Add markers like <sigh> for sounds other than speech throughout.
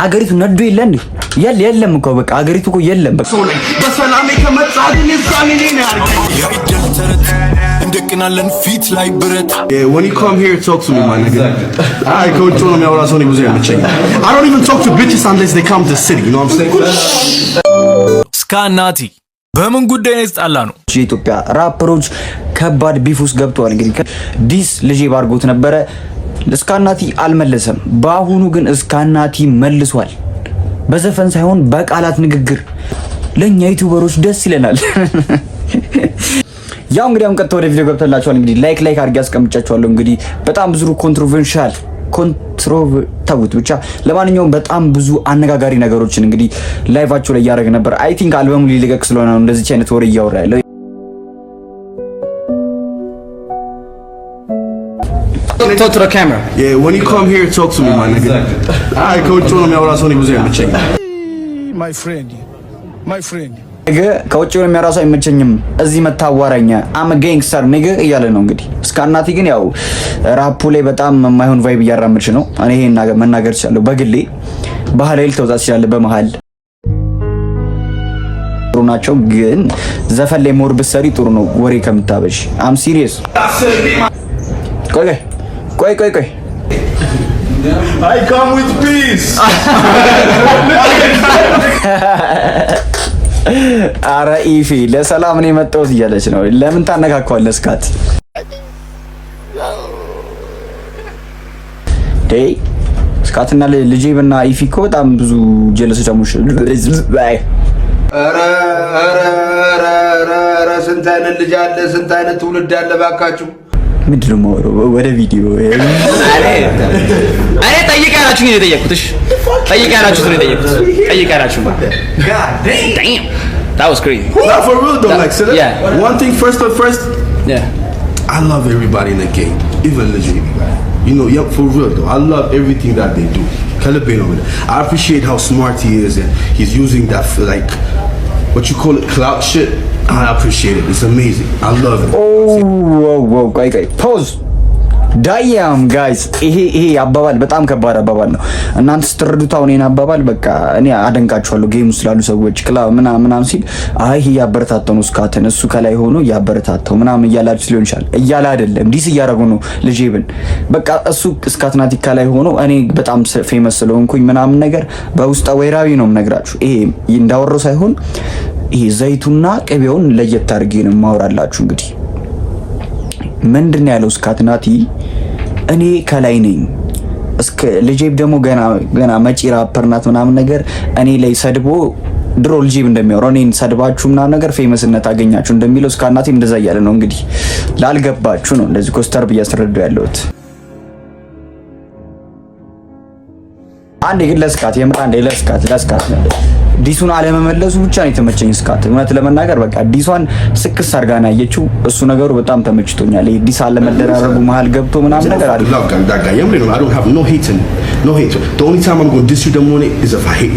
ሀገሪቱ ነዶ የለን የለ የለም እኮ በቃ ሀገሪቱ እኮ የለም። እንደቅናለን ፊት ላይ ብረት <laughs> ከውጭ ነው ሰው በምን ጉዳይ ነው የተጣላ ነው? የኢትዮጵያ ራፐሮች ከባድ ቢፍ ውስጥ ገብተዋል። እንግዲህ ዲስ ልጄ ባርጎት ነበረ እስካናቲ አልመለሰም። በአሁኑ ግን እስካናቲ መልሷል። በዘፈን ሳይሆን በቃላት ንግግር ለእኛ ዩቲዩበሮች ደስ ይለናል። <laughs> ያው እንግዲህ አሁን ቀጥታ ወደ ቪዲዮ ገብተላችኋል። እንግዲህ ላይክ ላይክ አድርጌ አስቀምጫችኋለሁ። እንግዲህ በጣም ብዙ ኮንትሮቨርሻል ኮንትሮቭ ተውት ብቻ። ለማንኛውም በጣም ብዙ አነጋጋሪ ነገሮችን እንግዲህ ላይቫቸው ላይ እያደረገ ነበር። አይ ቲንክ አልበሙ ሊለቀቅ ስለሆነ ነው እንደዚች አይነት ወሬ እያወራ ያለው። go to the camera. Yeah, when you come here, talk to me, uh, my nigga. Exactly. አይ ከውጭ ነው የሚያወራ ሰው ብዙ check. My friend. My friend. ነገ ከውጭ ነው የሚያወራ አይመቸኝም። እዚህ መታዋራኛ አም ጌንግስተር ነገ እያለ ነው እንግዲህ። እስከ ግን ያው ራፑ ላይ በጣም የማይሆን ቫይብ እያራመድሽ ነው። እኔ ይሄን መናገር በግሌ። ባህላዊ ጥሩ ናቸው፣ ግን ዘፈን ላይ ሞር ብትሰሪ ጥሩ ነው። ወሬ ከምታበሽ አም ሲሪየስ ቆይ ቆይ ቆይ ቆይ አይ ካም ዊዝ ፒስ አረ ኢፊ ለሰላም ነው የመጣሁት እያለች ነው። ለምን ታነካከዋለህ? እስካት ዴይ እስካትና ልጄብና ኢፊ እኮ በጣም ብዙ ጀለስ ጫሙሽ። ስንት አይነት ልጅ አለ? ስንት አይነት ትውልድ አለ? ባካችሁ ምንድነው የማወራው? ወደ ቪዲዮ <laughs> አረ ጠይቃላችሁ ነው የጠየኩት። እሺ ጠይቃላችሁ ነው የጠየኩት። ጠይቃላችሁ That was crazy. Nah, for real though, that, like, so that, yeah. one thing first of first, yeah, I love everybody in the game, even the legit. You know, yeah, for real though, I love everything that they do. Calibate on it. I appreciate how smart he is, and he's using that for like, what you call it, clout shit. ቆይ ቆይ ፖዝ ዳያም ጋይስ ይሄ ይሄ አባባል በጣም ከባድ አባባል ነው። እናንተ ስትረዱት አሁን ይሄን አባባል በቃ እኔ አደንቃችኋለሁ። ጌም ውስጥ ላሉ ሰዎች ክላብ ምናምን ምናምን ሲል አይ ይሄ ያበረታተው ነው እስካተን እሱ ከላይ ሆኖ ያበረታተው ምናምን እያላችሁ ሊሆን ይችላል። እያለ አይደለም ዲስ እያደረጉ ነው። ልጄ ብን በቃ እሱ እስካትናቲ ከላይ ሆኖ እኔ በጣም ፌመስ ስለሆንኩኝ ምናምን ነገር በውስጠ ወይራዊ ነው የምነግራችሁ። ይሄ እንዳወራው ሳይሆን ይሄ ዘይቱና ቅቤውን ለየት አድርጌ ነው ማውራላችሁ። እንግዲህ ምንድን ያለው እስካትናቲ እኔ ከላይ ነኝ እስከ ልጄብ ደግሞ ገና ገና መጪ ራፐር ናት ምናምን ነገር እኔ ላይ ሰድቦ ድሮ ልጄብ እንደሚያወራው እኔን ሰድባችሁ ምናምን ነገር ፌመስነት አገኛችሁ እንደሚለው እስካናቲ እንደዛ እያለ ነው እንግዲህ። ላልገባችሁ ነው እንደዚህ ኮስተር ብዬ አስረዳው ያለሁት። አንዴ ግን ለስካት የምር አንዴ ለስካት ለስካት ዲሱን አለመመለሱ ብቻ ነው የተመቸኝ። እስካት እውነት ለመናገር በቃ ዲሷን ስክስ አድርጋ ነው ያየችው። እሱ ነገሩ በጣም ተመችቶኛል። ይሄ ዲስ አለመደራረቡ መሀል ገብቶ ምናምን ነገር አለ ዳጋ የምሬ ነው። አይ ዶንት ሃቭ ኖ ሄት ኖ ሄት ዘ ኦንሊ ታይም አም ዲስ ዩ ደሞ ኢዝ ኢፍ አይ ሄት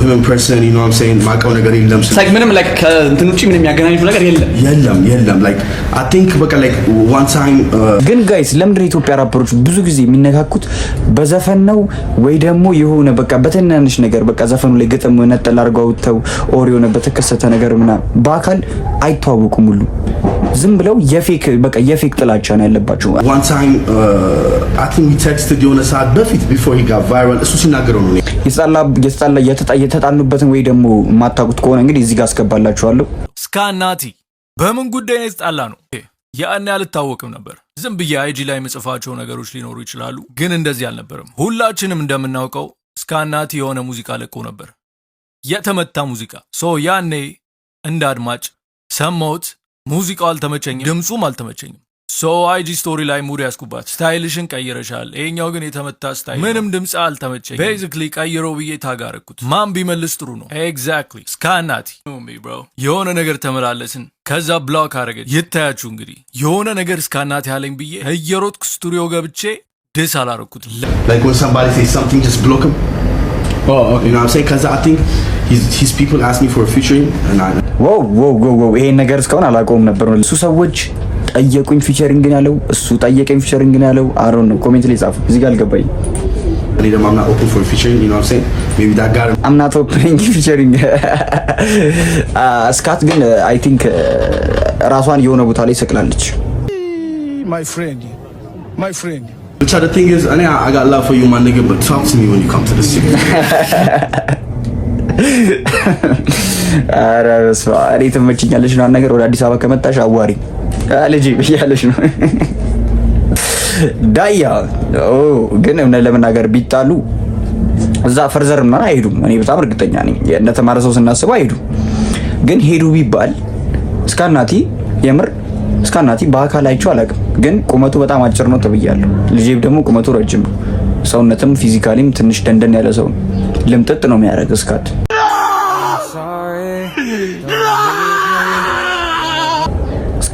ህመም ፐርሰን ነው ማውቀው ነገር የለም። ምንም ከእንትን uh, ውጭ ምንም ያገናኙት ነገር የለም የለም የለም። በቃ ዋን ታይም uh, ግን ጋይስ፣ ለምንድን ነው የኢትዮጵያ ራፐሮች ብዙ ጊዜ የሚነካኩት በዘፈን ነው ወይ ደግሞ የሆነ በቃ በትናንሽ ነገር በቃ ዘፈኑ ላይ ግጥም ነጠል አድርገው አውጥተው ኦር የሆነ በተከሰተ ነገር ምናምን በአካል አይተዋወቁም። ሁሉ ዝም ብለው የፌክ በቃ የፌክ ጥላቻ ነው ያለባቸው። ዋን ታይም አይ ቲንክ ቴክስትድ የሆነ ሰዓት በፊት ቢፎር ሂ ጋት ቫይራል እሱ ሲናገረው ነው የተጣሉበትን ወይ ደግሞ የማታውቁት ከሆነ እንግዲህ እዚህ ጋር አስገባላችኋለሁ። እስካናቲ በምን ጉዳይ ነው የተጣላ ነው? ያኔ አልታወቅም ነበር። ዝም ብዬ አይጂ ላይ የምጽፋቸው ነገሮች ሊኖሩ ይችላሉ፣ ግን እንደዚህ አልነበረም። ሁላችንም እንደምናውቀው እስካናቲ የሆነ ሙዚቃ ለቆ ነበር፣ የተመታ ሙዚቃ ሶ ያኔ እንደ አድማጭ ሰማሁት። ሙዚቃው አልተመቸኝም፣ ድምፁም አልተመቸኝም። ሶ አይጂ ስቶሪ ላይ ሙድ ያስኩባት ስታይልሽን ቀይረሻል፣ ይሄኛው ግን የተመታ ስታይል ምንም ድምፅ አልተመቸኝ። ቤዚክሊ ቀይሮ ብዬ ታጋረኩት። ማን ቢመልስ ጥሩ ነው? ኤግዛክትሊ እስካናቲ የሆነ ነገር ተመላለስን። ከዛ ብሎክ አረገች። ይታያችሁ እንግዲህ የሆነ ነገር እስካናቲ አለኝ ብዬ እየሮጥኩ ስቱዲዮ ገብቼ ደስ አላረኩት። oh, ይሄን ነገር እስካሁን አላቆም ነበር እሱ ሰዎች ጠየቁኝ ፊቸሪንግን ያለው፣ እሱ ጠየቀኝ ፊቸሪንግን ያለው። አሮን ነው ኮሜንት ላይ ጻፉ። እዚህ ጋር አልገባኝ። እኔ ደግሞ አምና ኦፕን ፎር ፊቸሪንግ ዩ ኖ ሜቢ ዳት ጋር አምና ፊቸሪንግ እስካት ግን አይ uh, ቲንክ uh, ራሷን የሆነ ቦታ ላይ ሰቅላለች። ማይ ፍሬንድ ማይ ፍሬንድ ብቻ እኔ <laughs> አረ በስመ አብ እኔ ምናምን ነገር ወደ አዲስ አበባ ከመጣሽ አዋሪ ልጅ ብያለሽ ነው ዳያ ግን እውነት ለመናገር ቢጣሉ እዛ ፈርዘር ምን አይሄዱም። እኔ በጣም እርግጠኛ ነኝ። እንደተማረ ሰው ስናስበው አይሄዱም። ግን ሄዱ ቢባል እስካናቲ የምር እስካናቲ በአካል አይቼው አላውቅም፣ ግን ቁመቱ በጣም አጭር ነው ተብያለሁ። ልጄብ ደግሞ ቁመቱ ረጅም ነው። ሰውነትም ፊዚካሊም ትንሽ ደንደን ያለ ሰው ነው። ልምጥጥ ነው የሚያደርግ እስካት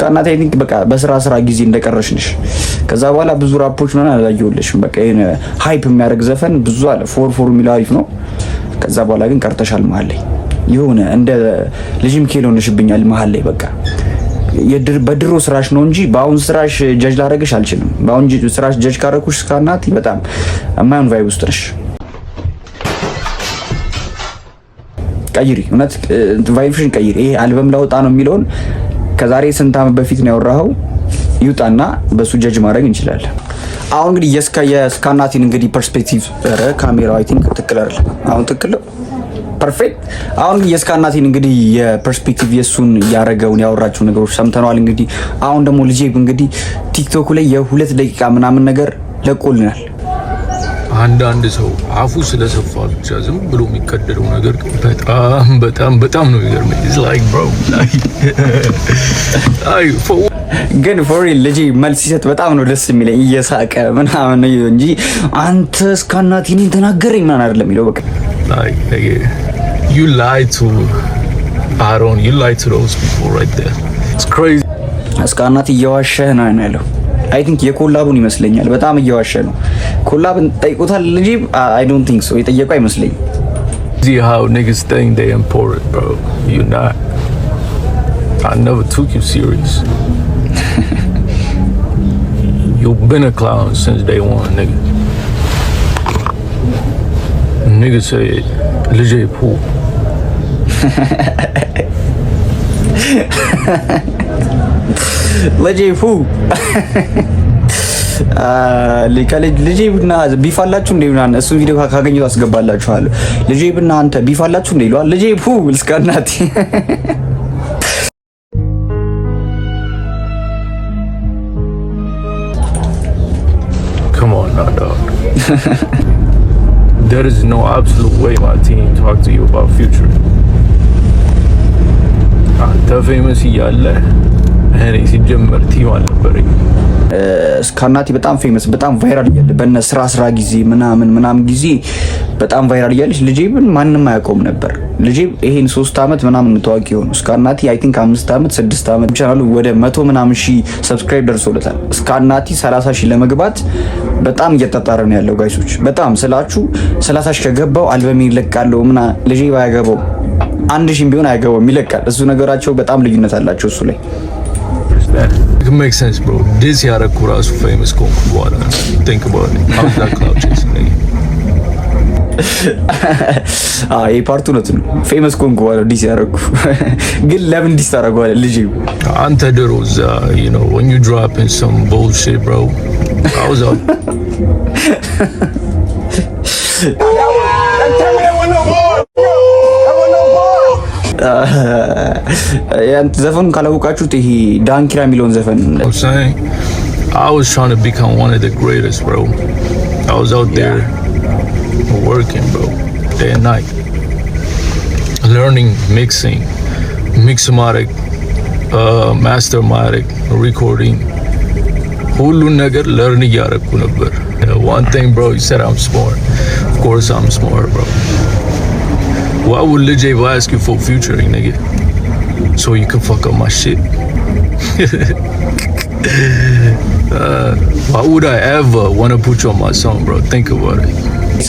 ጠናት ቲንክ በቃ በስራ ስራ ጊዜ እንደቀረሽ ነሽ። ከዛ በኋላ ብዙ ራፖች ምን አላየሁልሽም። በቃ ይሄን ሃይፕ የሚያደርግ ዘፈን ብዙ አለ። ፎር ፎር የሚል አሪፍ ነው። ከዛ በኋላ ግን ቀርተሻል መሀል ላይ የሆነ እንደ ልጅም ኬል ሆነሽብኛል መሀል ላይ በቃ በድሮ ስራሽ ነው እንጂ በአሁን ስራሽ ጀጅ ላረግሽ አልችልም። በአሁን ስራሽ ጀጅ ካረኩሽ እስካናት በጣም የማይሆን ቫይብ ውስጥ ነሽ። ቀይሪ፣ እውነት ቫይብሽን ቀይሪ። ይሄ አልበም ላውጣ ነው የሚለውን ከዛሬ ስንት ዓመት በፊት ነው ያወራኸው? ይውጣና በሱ ጀጅ ማድረግ እንችላለን። አሁን እንግዲህ የስካ የስካናቲን እንግዲህ ፐርስፔክቲቭ ረ ካሜራ አይ ቲንክ ትክክል አይደል? አሁን ትክክል ፐርፌክት። አሁን የስካናቲን እንግዲህ የፐርስፔክቲቭ የእሱን ያደረገውን ያወራቸው ነገሮች ሰምተነዋል። እንግዲህ አሁን ደግሞ ልጄ እንግዲህ ቲክቶክ ላይ የሁለት ደቂቃ ምናምን ነገር ለቆልናል። አንዳንድ ሰው አፉ ስለሰፋ ብቻ ዝም ብሎ የሚቀደደው ነገር በጣም በጣም በጣም ነው የሚገርመኝ። <laughs> ግን ፎሪ ልጅ መልስ ሲሰጥ በጣም ነው ደስ የሚለኝ እየሳቀ ምናምን እንጂ አንተ እስከ እናቴ እኔን ተናገረኝ ምናምን አይደለም የሚለው በቃ ዩ ዩ ላይድ ቱ ሮዝ ቢፎር ራይት እስከ እናቴ እየዋሸህ ነው ያለው አይ ቲንክ የኮላቡን ይመስለኛል። በጣም እየዋሸ ነው። ኮላብን ጠይቁታል እንጂ አይ ዶንት ቲንክ ሶ የጠየቁ አይመስለኝም። ልጄ ልጄ ፉ <laughs> ልጄ ብና ቢፋላችሁ እንደ ምናምን እሱን ቪዲዮ ካገኘሁ አስገባላችኋለሁ። ልጄ ብና አንተ ቢፋላችሁ እንደ ይለዋል። ልጄ ፉ ልስቀናት <laughs> <laughs> There is no absolute way, Martin, to talk to you about future. አንተ ፌመስ እያለ እኔ ሲጀመር ቲም አልነበረኝ። እስካናቲ በጣም ፌመስ በጣም ቫይራል እያለ በነ ስራ ስራ ጊዜ ምናምን ምናምን ጊዜ በጣም ቫይራል እያለች ልጄ ማንም አያውቀውም ነበር። ልጄ ይሄን ሶስት ዓመት ምናምን ታዋቂ የሆኑ እስካናቲ አይ ቲንክ አምስት ዓመት ስድስት ዓመት ቻናሉ ወደ መቶ ምናምን ሺ ሰብስክራይብ ደርሶለታል። እስካናቲ ሰላሳ ሺ ለመግባት በጣም እየጣጣረ ነው ያለው ጋይሶች። በጣም ስላችሁ ሰላሳ ሺ ከገባው አልበሜ ይለቃለው ምና ልጄ ባያገባው አንድ ሺህም ቢሆን አያገባውም ይለቃል። እሱ ነገራቸው በጣም ልዩነት አላቸው እሱ ላይ ሜክ ሰንስ ብሮ ዲስ ያረኩ ራሱ ፌመስ ኮንኩ በኋላ ቲንክ አባውት ኢት ሃው ዳት ክላውድ ቼስ ነኝ። አዎ የፓርቱ እውነት ነው። ፌመስ ኮንኩ በኋላ ዲስ ያረኩ ግን ለምን ዲስ ታደርገዋለህ? ልጅ አንተ ድሮ እዛ ዩ ኖ ዌን ዩ ድሮፕ ኢን ሰም ቡልሺት ብሮ አይ አውት ዘፈኑን ካላወቃችሁት ይሄ ዳንኪራ የሚለውን ዘፈን I was trying to become one of the greatest, bro. I was out there working, bro, day and night. Learning mixing, mixomatic, uh, mastermatic, recording. ሁሉን ነገር ለርን እያደረኩ ነበር። One thing, bro, you said I'm smart. Of course I'm smart, bro. Why would Lil J ask you for futuring, nigga? So you can fuck up my shit. <laughs> Uh, why would I ever want to put you on my song, bro? Think about it.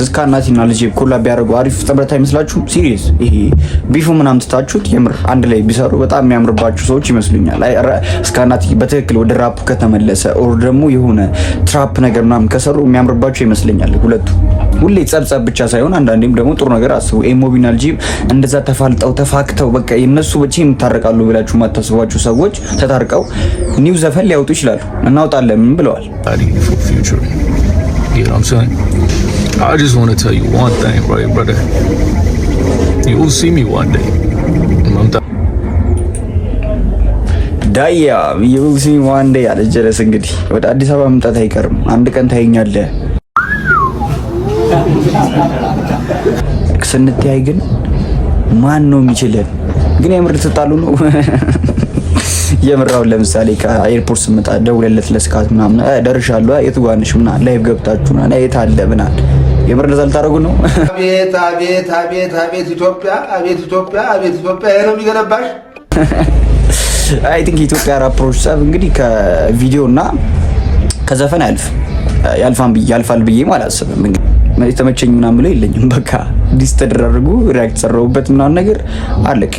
እስካ እናትና ልጅ ኮላ ቢያደርጉ አሪፍ ጥምረት አይመስላችሁም? ሲሪየስ ይሄ ቢፉ ምናምን ትታችሁት የምር አንድ ላይ ቢሰሩ በጣም የሚያምርባችሁ ሰዎች ይመስሉኛል። እስካ እናት በትክክል ወደ ራፑ ከተመለሰ ኦር ደግሞ የሆነ ትራፕ ነገር ምናምን ከሰሩ የሚያምርባቸው ይመስለኛል። ሁለቱ ሁሌ ጸብጸብ ብቻ ሳይሆን አንዳንዴም ደግሞ ጥሩ ነገር አስቡ። ኤሞቢና ልጅ እንደዛ ተፋልጠው ተፋክተው በቃ የነሱ ብቻ የምታረቃሉ ብላችሁ ማታስቧቸው ሰዎች ተታርቀው ኒው ዘፈን ሊያወጡ ይችላሉ። እናውጣለን አይደለም ብለዋል። ዳያ ዩሲ ዋንዴ ያለ ጀለስ እንግዲህ ወደ አዲስ አበባ መምጣት አይቀርም። አንድ ቀን ታይኛለህ። ስንተያይ ግን ማን ነው የሚችልን? ግን የምር ትጣሉ ነው <laughs> የምራውን ለምሳሌ ከኤርፖርት ስመጣ ደውለለት ለስካት ምናምን ደርሻለሁ የት ጓንሽ ምና ላይቭ ገብታችሁ ምና የት አለ ምናል የምር እንደዛ ልታደርጉ ነው። አቤት አቤት አቤት አቤት ኢትዮጵያ አቤት ኢትዮጵያ አቤት ኢትዮጵያ ይሄ ነው የሚገነባሽ። አይ ቲንክ ኢትዮጵያ ራፕሮች ጸብ እንግዲህ ከቪዲዮ እና ከዘፈን ያልፍ ያልፋል ብዬ ማለት አስብም። እንግዲህ ተመቸኝ ምናምን ብሎ የለኝም። በቃ ዲስ ተደራርጉ ሪያክት ሰራውበት ምናምን ነገር አለቅ